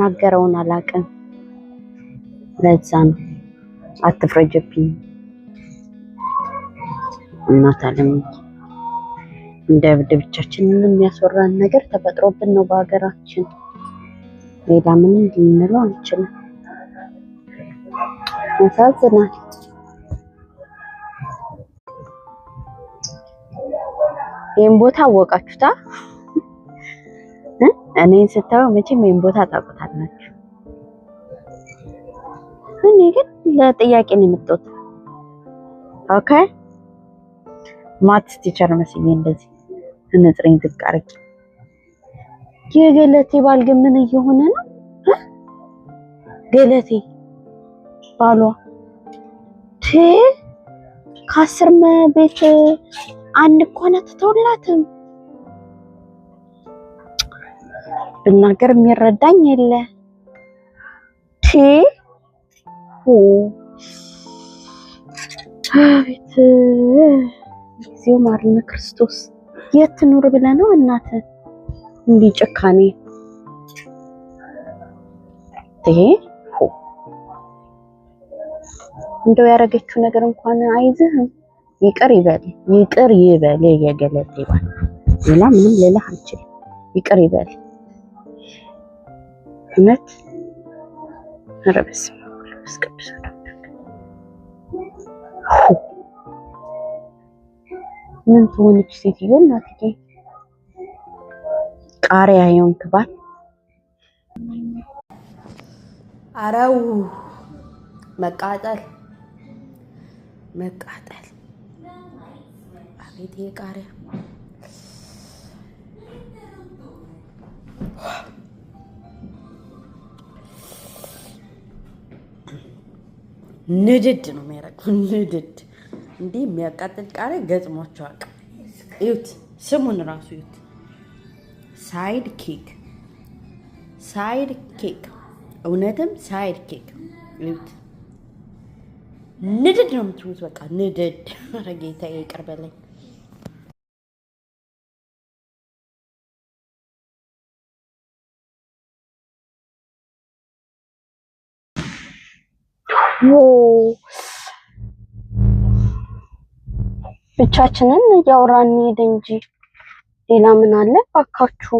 ናገረውን አላውቅም። ለዛ ነው አትፍረጅብኝ። እናት አለም እንደ እብድ ብቻችንን የሚያስወራን ነገር ተፈጥሮብን ነው በሀገራችን። ሌላ ምንም ልንለው አንችልም። ያሳዝናል። ይህን ቦታ አወቃችሁታ? እኔን ስታዩ መቼም ይሄን ቦታ ታውቁታላችሁ። እኔ ግን ለጥያቄ ነው የምትወጣ። ኦኬ ማትስ ቲቸር መስዬ እንደዚህ እንጥሪኝ ዝቅ አድርጊ። የገለቴ ባል ግን ምን እየሆነ ነው? ገለቴ ባሏ ት ከአስር ቤት አንድ እኮ ነው ብናገር የሚረዳኝ የለ ቲ አቤት ጊዜው ማርነ ክርስቶስ የት ትኑር ብለ ነው እናት እንዲህ ጭካኔ ይሄ እንደው ያደረገችው ነገር እንኳን አይዝህም። ይቅር ይበል ይቅር ይበል የገለጥ ይባል ሌላ ምንም ልልህ አልችልም። ይቅር ይበል እውነት ኧረ በስመ አብ ወመንፈስ ቅዱስ ምን ትሆንች ሴትዮ እናትዬ ቃሪያ ትባል አረው መቃጠል መቃጠል አቤት ቃሪያ ንድድ ነው የሚያደርገው። ንድድ እንዴ! የሚያቃጥል ቃሪያ ገጥሟቸው አቅ ዩት ስሙን ራሱ ዩት ሳይድ ኬክ፣ ሳይድ ኬክ፣ እውነትም ሳይድ ኬክ። ዩት ንድድ ነው የምትሉት። በቃ ንድድ። ኧረ ጌታዬ ይቅር በለኝ። ብቻችንን እያወራን ሄደ እንጂ ሌላ ምን አለ ባካችሁ?